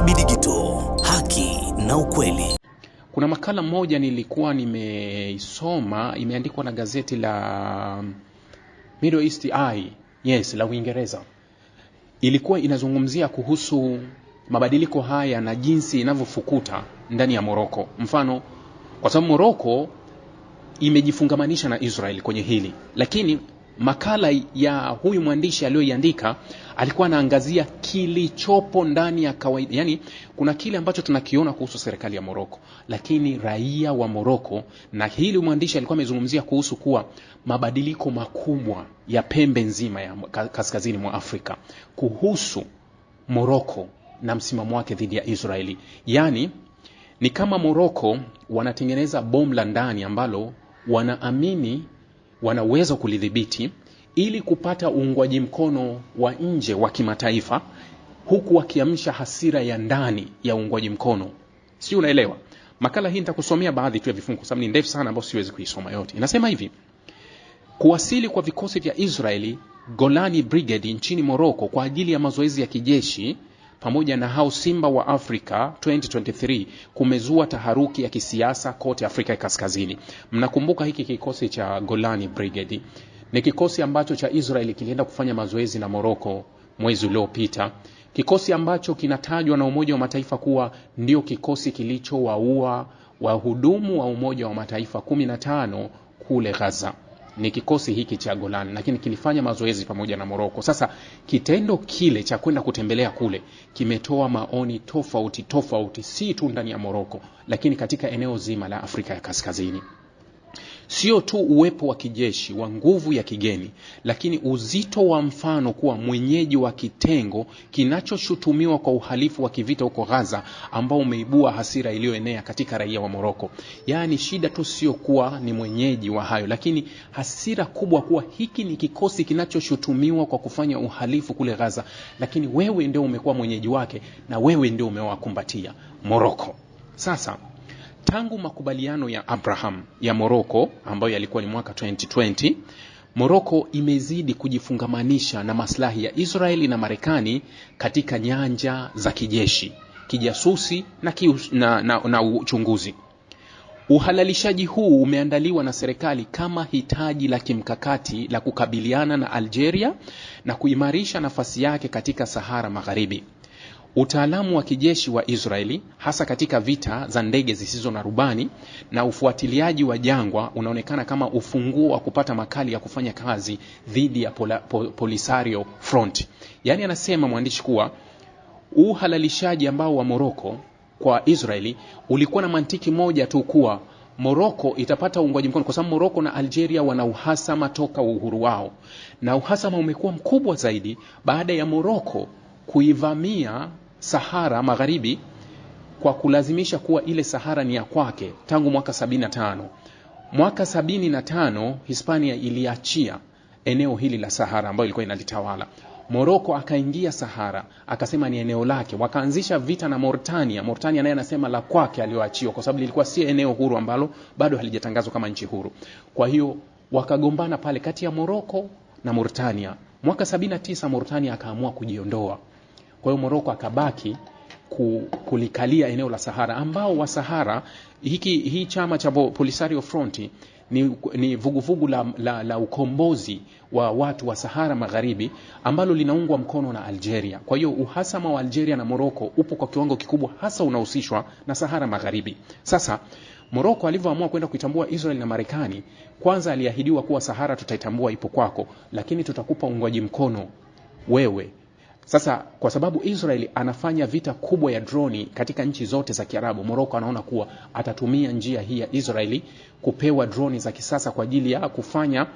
DSB Digital, haki na ukweli. Kuna makala moja nilikuwa nimeisoma imeandikwa na gazeti la Middle East Eye, yes, la Uingereza. Ilikuwa inazungumzia kuhusu mabadiliko haya na jinsi inavyofukuta ndani ya Moroko. Mfano, kwa sababu Moroko imejifungamanisha na Israel kwenye hili, lakini makala ya huyu mwandishi aliyoiandika alikuwa anaangazia kilichopo ndani ya kawaida, yani kuna kile ambacho tunakiona kuhusu serikali ya Moroko, lakini raia wa Moroko, na hili mwandishi alikuwa amezungumzia kuhusu kuwa mabadiliko makubwa ya pembe nzima ya kaskazini mwa Afrika kuhusu Moroko na msimamo wake dhidi ya Israeli, yani ni kama Moroko wanatengeneza bomu la ndani ambalo wanaamini wana uwezo kulidhibiti ili kupata uungwaji mkono wa nje wa kimataifa, huku wakiamsha hasira ya ndani ya uungwaji mkono. si unaelewa? Makala hii nitakusomea baadhi tu ya vifungu, sababu ni ndefu sana, ambayo siwezi kuisoma yote. Inasema hivi: kuwasili kwa vikosi vya Israeli Golani Brigade nchini Morocco kwa ajili ya mazoezi ya kijeshi pamoja na hao Simba wa Afrika 2023 kumezua taharuki ya kisiasa kote Afrika ya Kaskazini. Mnakumbuka hiki kikosi cha Golani Brigade ni kikosi ambacho cha Israeli kilienda kufanya mazoezi na Moroko mwezi uliopita, kikosi ambacho kinatajwa na Umoja wa Mataifa kuwa ndio kikosi kilichowaua wahudumu wa Umoja wa Mataifa 15 kule Gaza ni kikosi hiki cha Golan, lakini kilifanya mazoezi pamoja na Moroko. Sasa kitendo kile cha kwenda kutembelea kule kimetoa maoni tofauti tofauti, si tu ndani ya Moroko, lakini katika eneo zima la Afrika ya Kaskazini sio tu uwepo wa kijeshi wa nguvu ya kigeni, lakini uzito wa mfano kuwa mwenyeji wa kitengo kinachoshutumiwa kwa uhalifu wa kivita huko Gaza, ambao umeibua hasira iliyoenea katika raia wa Moroko. Yaani shida tu sio kuwa ni mwenyeji wa hayo, lakini hasira kubwa kuwa hiki ni kikosi kinachoshutumiwa kwa kufanya uhalifu kule Gaza, lakini wewe ndio umekuwa mwenyeji wake na wewe ndio umewakumbatia Moroko. Sasa tangu makubaliano ya Abraham ya Moroko ambayo yalikuwa ni mwaka 2020 Moroko imezidi kujifungamanisha na maslahi ya Israeli na Marekani katika nyanja za kijeshi, kijasusi na, ki, na, na, na uchunguzi. Uhalalishaji huu umeandaliwa na serikali kama hitaji la kimkakati la kukabiliana na Algeria na kuimarisha nafasi yake katika Sahara Magharibi. Utaalamu wa kijeshi wa Israeli hasa katika vita za ndege zisizo na rubani na ufuatiliaji wa jangwa unaonekana kama ufunguo wa kupata makali ya kufanya kazi dhidi ya pola, pol, Polisario Front. Yaani anasema mwandishi kuwa uhalalishaji ambao wa Moroko kwa Israeli ulikuwa na mantiki moja tu kuwa Moroko itapata uungwaji mkono kwa sababu Moroko na Algeria wana uhasama toka uhuru wao, na uhasama umekuwa mkubwa zaidi baada ya Moroko kuivamia Sahara Magharibi kwa kulazimisha kuwa ile Sahara ni ya kwake tangu mwaka tano. Mwaka sabini na tano Hispania iliachia eneo hili la Sahara ambayo ilikuwa inalitawala. Moroko akaingia Sahara akasema ni eneo lake, wakaanzisha vita na Mauritania. Mauritania naye anasema la kwake aliyoachiwa, kwa sababu lilikuwa si eneo huru ambalo bado halijatangazwa kama nchi huru. Kwa hiyo wakagombana pale kati ya Moroko na Mauritania. Mwaka tisa Mauritania akaamua kujiondoa kwa hiyo Moroko akabaki kulikalia eneo la Sahara, ambao wa Sahara hiki hii chama cha Polisario Front ni, ni vuguvugu la, la, la ukombozi wa watu wa Sahara Magharibi ambalo linaungwa mkono na Algeria. Kwa hiyo uhasama wa Algeria na Moroko upo kwa kiwango kikubwa hasa unahusishwa na Sahara Magharibi. Sasa Moroko alivyoamua kwenda kuitambua Israel na Marekani, kwanza aliahidiwa kuwa Sahara tutaitambua ipo kwako, lakini tutakupa uungwaji mkono wewe sasa kwa sababu Israel anafanya vita kubwa ya droni katika nchi zote za Kiarabu, Morocco anaona kuwa atatumia njia hii ya Israeli kupewa droni za kisasa kwa ajili ya kufanya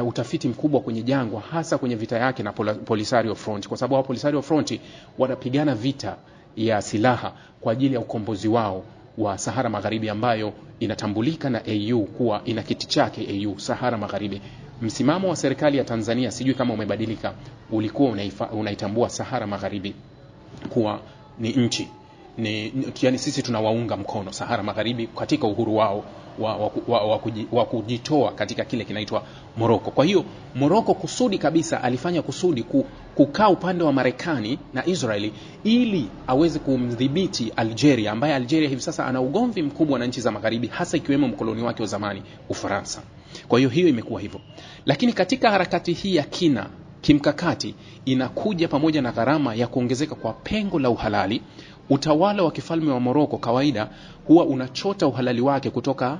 Uh, utafiti mkubwa kwenye jangwa hasa kwenye vita yake na Polisario Front, kwa sababu Polisario Front wanapigana vita ya silaha kwa ajili ya ukombozi wao wa Sahara Magharibi ambayo inatambulika na AU kuwa ina kiti chake AU Sahara Magharibi. Msimamo wa serikali ya Tanzania sijui kama umebadilika, ulikuwa unaitambua Sahara Magharibi kuwa ni nchi ni, yani sisi tunawaunga mkono Sahara Magharibi katika uhuru wao wa, wa, wa, wa, wa kujitoa katika kile kinaitwa Moroko. Kwa hiyo Moroko kusudi kabisa alifanya kusudi kukaa upande wa Marekani na Israeli ili aweze kumdhibiti Algeria, ambaye Algeria hivi sasa ana ugomvi mkubwa na nchi za Magharibi, hasa ikiwemo mkoloni wake wa zamani Ufaransa. Kwa hiyo hiyo imekuwa hivyo, lakini katika harakati hii ya kina kimkakati inakuja pamoja na gharama ya kuongezeka kwa pengo la uhalali. Utawala wa kifalme wa Moroko kawaida huwa unachota uhalali wake kutoka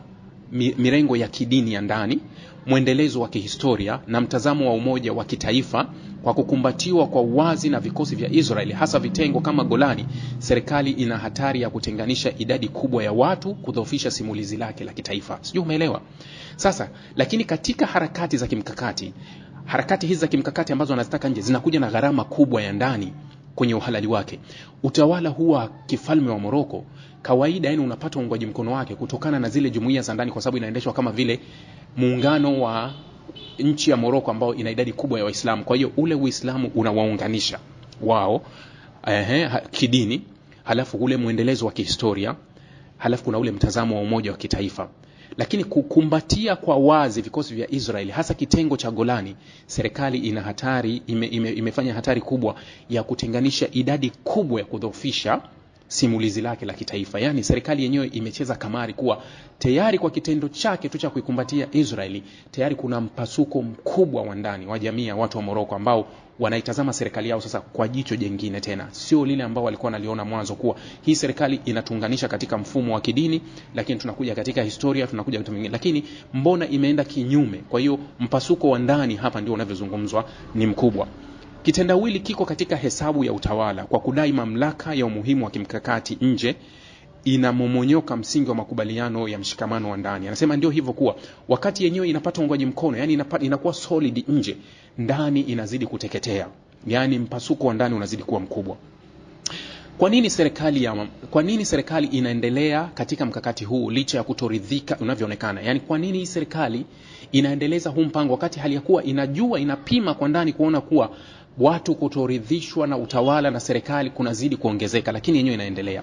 mirengo ya kidini ya ndani, mwendelezo wa kihistoria na mtazamo wa umoja wa kitaifa kwa kukumbatiwa kwa uwazi na vikosi vya Israeli hasa vitengo kama Golani, serikali ina hatari ya kutenganisha idadi kubwa ya watu, kudhoofisha simulizi lake la kitaifa. Sijui umeelewa? Sasa lakini katika harakati za kimkakati, harakati hizi za kimkakati ambazo wanazitaka nje zinakuja na gharama kubwa ya ndani kwenye uhalali wake. Utawala huu wa kifalme wa Moroko kawaida, yani unapata uungwaji mkono wake kutokana na zile jumuiya za ndani, kwa sababu inaendeshwa kama vile muungano wa nchi ya Moroko ambayo ina idadi kubwa ya Waislamu. Kwa hiyo ule Uislamu unawaunganisha wao ehe, kidini, halafu ule mwendelezo wa kihistoria, halafu kuna ule mtazamo wa umoja wa kitaifa. Lakini kukumbatia kwa wazi vikosi vya Israeli hasa kitengo cha Golani, serikali ina hatari ime, ime, imefanya hatari kubwa ya kutenganisha idadi kubwa ya kudhoofisha simulizi lake la kitaifa. Yaani serikali yenyewe imecheza kamari kuwa tayari kwa kitendo chake tu cha kuikumbatia Israeli, tayari kuna mpasuko mkubwa wa ndani wa jamii ya watu wa Moroko ambao wanaitazama serikali yao sasa kwa jicho jengine tena, sio lile ambao walikuwa wanaliona mwanzo, kuwa hii serikali inatuunganisha katika mfumo wa kidini, lakini tunakuja katika historia, tunakuja vitu vingine, lakini mbona imeenda kinyume? Kwa hiyo mpasuko wa ndani hapa ndio unavyozungumzwa ni mkubwa. Kitendawili kiko katika hesabu ya utawala kwa kudai mamlaka ya umuhimu wa kimkakati nje inamomonyoka msingi wa makubaliano ya mshikamano wa ndani. Anasema ndio hivyo kuwa wakati yenyewe inapata uungwaji mkono, yani inapata, inakuwa solid nje, ndani inazidi kuteketea, yani mpasuko wa ndani unazidi kuwa mkubwa. Kwa nini serikali ya, kwa nini serikali inaendelea katika mkakati huu licha ya kutoridhika unavyoonekana? Yani kwa nini hii serikali inaendeleza huu mpango wakati hali ya kuwa inajua inapima kwa ndani kuona kuwa watu kutoridhishwa na utawala na serikali kunazidi kuongezeka, lakini yenyewe inaendelea.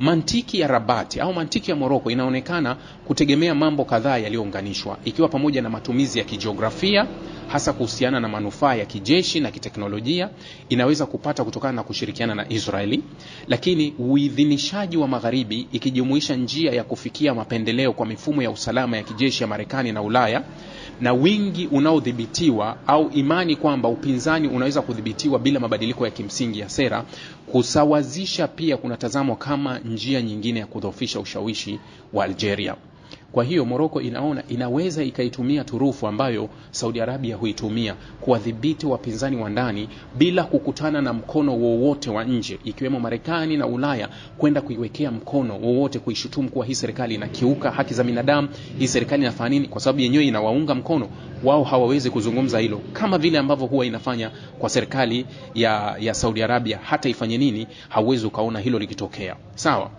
Mantiki ya Rabati au mantiki ya Moroko inaonekana kutegemea mambo kadhaa yaliyounganishwa, ikiwa pamoja na matumizi ya kijiografia hasa kuhusiana na manufaa ya kijeshi na kiteknolojia inaweza kupata kutokana na kushirikiana na Israeli, lakini uidhinishaji wa magharibi ikijumuisha njia ya kufikia mapendeleo kwa mifumo ya usalama ya kijeshi ya Marekani na Ulaya na wingi unaodhibitiwa au imani kwamba upinzani unaweza kudhibitiwa bila mabadiliko ya kimsingi ya sera, kusawazisha pia kunatazamwa kama njia nyingine ya kudhoofisha ushawishi wa Algeria. Kwa hiyo Moroko inaona inaweza ikaitumia turufu ambayo Saudi Arabia huitumia kuwadhibiti wapinzani wa ndani bila kukutana na mkono wowote wa nje, ikiwemo Marekani na Ulaya kwenda kuiwekea mkono wowote, kuishutumu kuwa hii serikali inakiuka haki za binadamu, hii serikali inafanya nini, kwa sababu yenyewe inawaunga mkono wao. Hawawezi kuzungumza hilo, kama vile ambavyo huwa inafanya kwa serikali ya, ya Saudi Arabia. Hata ifanye nini, hauwezi ukaona hilo likitokea. Sawa.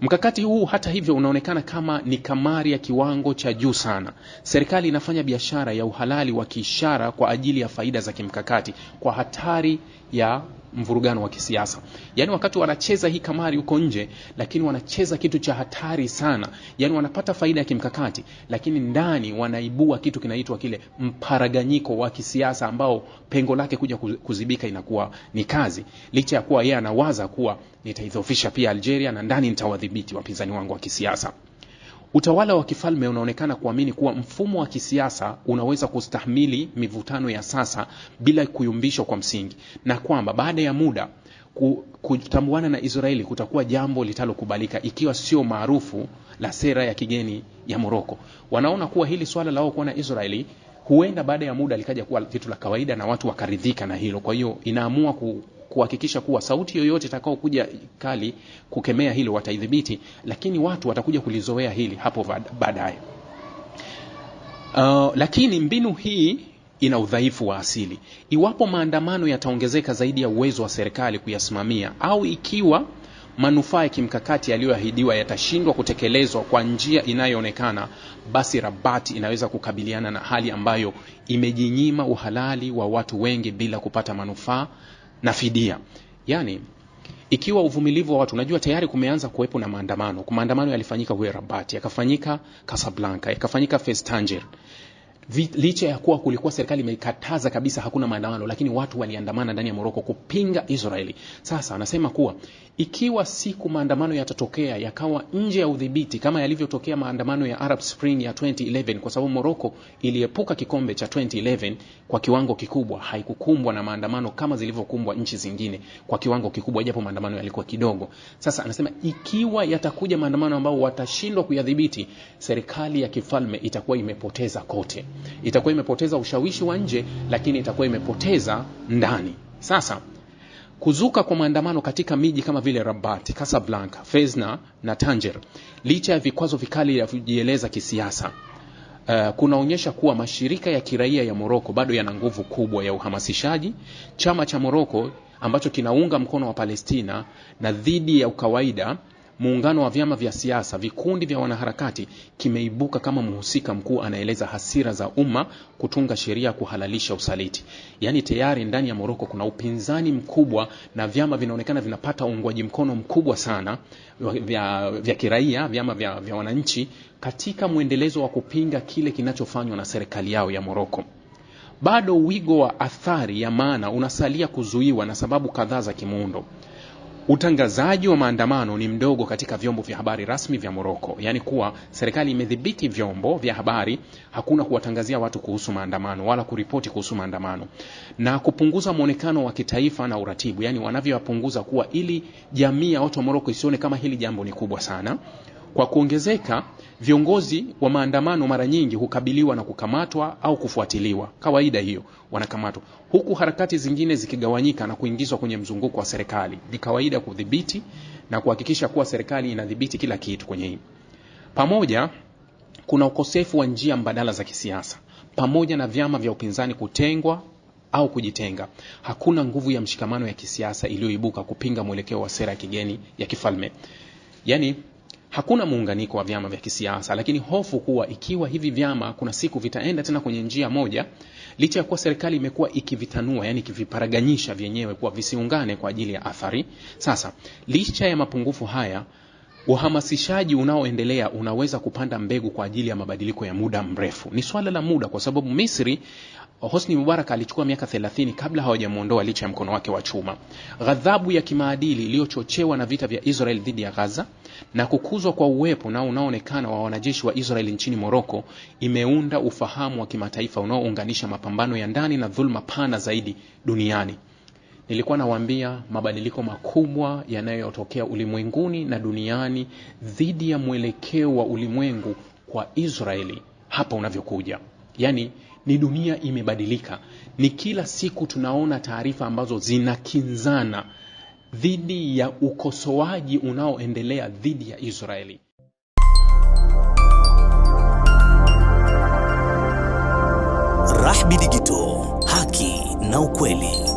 Mkakati huu hata hivyo unaonekana kama ni kamari ya kiwango cha juu sana. Serikali inafanya biashara ya uhalali wa kiishara kwa ajili ya faida za kimkakati kwa hatari ya mvurugano wa kisiasa. Yaani wakati wanacheza hii kamari huko nje, lakini wanacheza kitu cha hatari sana. Yaani wanapata faida ya kimkakati, lakini ndani wanaibua kitu kinaitwa kile mparaganyiko wa kisiasa ambao pengo lake kuja kuzibika inakuwa ni kazi. Licha ya kuwa yeye anawaza kuwa nitaidhofisha pia Algeria na ndani nitawadhibiti wapinzani wangu wa kisiasa. Utawala wa kifalme unaonekana kuamini kuwa mfumo wa kisiasa unaweza kustahimili mivutano ya sasa bila kuyumbishwa kwa msingi, na kwamba baada ya muda kutambuana na Israeli kutakuwa jambo litalokubalika, ikiwa sio maarufu la sera ya kigeni ya Moroko. Wanaona kuwa hili swala lao kuwa na Israeli huenda baada ya muda likaja kuwa kitu la kawaida na watu wakaridhika na hilo. Kwa hiyo inaamua ku, kuhakikisha kuwa sauti yoyote kuja kali kukemea hilo wataidhibiti, lakini watu watakuja kulizoea hili hapo baadaye. Uh, lakini mbinu hii ina udhaifu wa asili. Iwapo maandamano yataongezeka zaidi ya uwezo wa serikali kuyasimamia au ikiwa manufaa ya kimkakati yaliyoahidiwa yatashindwa kutekelezwa kwa njia inayoonekana, basi Rabati inaweza kukabiliana na hali ambayo imejinyima uhalali wa watu wengi bila kupata manufaa na fidia. Yani, ikiwa uvumilivu wa watu, unajua tayari kumeanza kuwepo na maandamano. Maandamano yalifanyika huye Rabati, yakafanyika Casablanca, yakafanyika Fes Tanger licha ya kuwa kulikuwa serikali imekataza kabisa, hakuna maandamano, lakini watu waliandamana ndani ya Moroko kupinga Israeli. Sasa anasema kuwa ikiwa siku maandamano yatatokea yakawa nje ya udhibiti kama yalivyotokea maandamano ya Arab Spring ya 2011, kwa sababu Moroko iliepuka kikombe cha 2011 kwa kiwango kikubwa, haikukumbwa na maandamano kama zilivyokumbwa nchi zingine kwa kiwango kikubwa, japo maandamano yalikuwa kidogo. Sasa anasema ikiwa yatakuja maandamano ambayo watashindwa kuyadhibiti, serikali ya kifalme itakuwa imepoteza kote itakuwa imepoteza ushawishi wa nje, lakini itakuwa imepoteza ndani. Sasa kuzuka kwa maandamano katika miji kama vile Rabat, Casablanca, Fez na Tanger, licha ya vikwazo vikali vya kujieleza kisiasa Uh, kunaonyesha kuwa mashirika ya kiraia ya Moroko bado yana nguvu kubwa ya uhamasishaji. Chama cha Moroko ambacho kinaunga mkono wa Palestina na dhidi ya ukawaida Muungano wa vyama vya siasa, vikundi vya wanaharakati kimeibuka kama mhusika mkuu, anaeleza hasira za umma kutunga sheria kuhalalisha usaliti. Yaani tayari ndani ya Moroko kuna upinzani mkubwa na vyama vinaonekana vinapata uungwaji mkono mkubwa sana vya, vya kiraia, vyama vya, vya wananchi katika mwendelezo wa kupinga kile kinachofanywa na serikali yao ya Moroko. Bado wigo wa athari ya maana unasalia kuzuiwa na sababu kadhaa za kimuundo. Utangazaji wa maandamano ni mdogo katika vyombo vya habari rasmi vya Moroko, yaani kuwa serikali imedhibiti vyombo vya habari, hakuna kuwatangazia watu kuhusu maandamano wala kuripoti kuhusu maandamano, na kupunguza mwonekano wa kitaifa na uratibu, yaani wanavyopunguza kuwa ili jamii ya watu wa Moroko isione kama hili jambo ni kubwa sana. Kwa kuongezeka, viongozi wa maandamano mara nyingi hukabiliwa na kukamatwa au kufuatiliwa, kawaida hiyo wanakamatwa, huku harakati zingine zikigawanyika na kuingizwa kwenye mzunguko wa serikali. Ni kawaida kudhibiti na kuhakikisha kuwa serikali inadhibiti kila kitu kwenye hii. Pamoja kuna ukosefu wa njia mbadala za kisiasa, pamoja na vyama vya upinzani kutengwa au kujitenga. Hakuna nguvu ya mshikamano ya kisiasa iliyoibuka kupinga mwelekeo wa sera ya kigeni ya kifalme. Yaani hakuna muunganiko wa vyama vya kisiasa, lakini hofu kuwa ikiwa hivi vyama kuna siku vitaenda tena kwenye njia moja, licha ya kuwa serikali imekuwa ikivitanua, yani ikiviparaganyisha vyenyewe kuwa visiungane kwa ajili ya athari. Sasa licha ya mapungufu haya, uhamasishaji unaoendelea unaweza kupanda mbegu kwa ajili ya mabadiliko ya muda mrefu. Ni swala la muda, kwa sababu Misri Hosni Mubarak alichukua miaka 30 kabla hawajamuondoa licha ya mkono wake wa chuma. Ghadhabu ya kimaadili iliyochochewa na vita vya Israel dhidi ya Gaza na kukuzwa kwa uwepo na unaoonekana wa wanajeshi wa Israel nchini Moroko imeunda ufahamu wa kimataifa unaounganisha mapambano ya ndani na dhulma pana zaidi duniani. Nilikuwa nawaambia mabadiliko makubwa yanayotokea ulimwenguni na duniani dhidi ya mwelekeo wa ulimwengu kwa Israeli hapa unavyokuja yani ni dunia imebadilika, ni kila siku tunaona taarifa ambazo zinakinzana dhidi ya ukosoaji unaoendelea dhidi ya Israeli. rahbi digito haki na ukweli.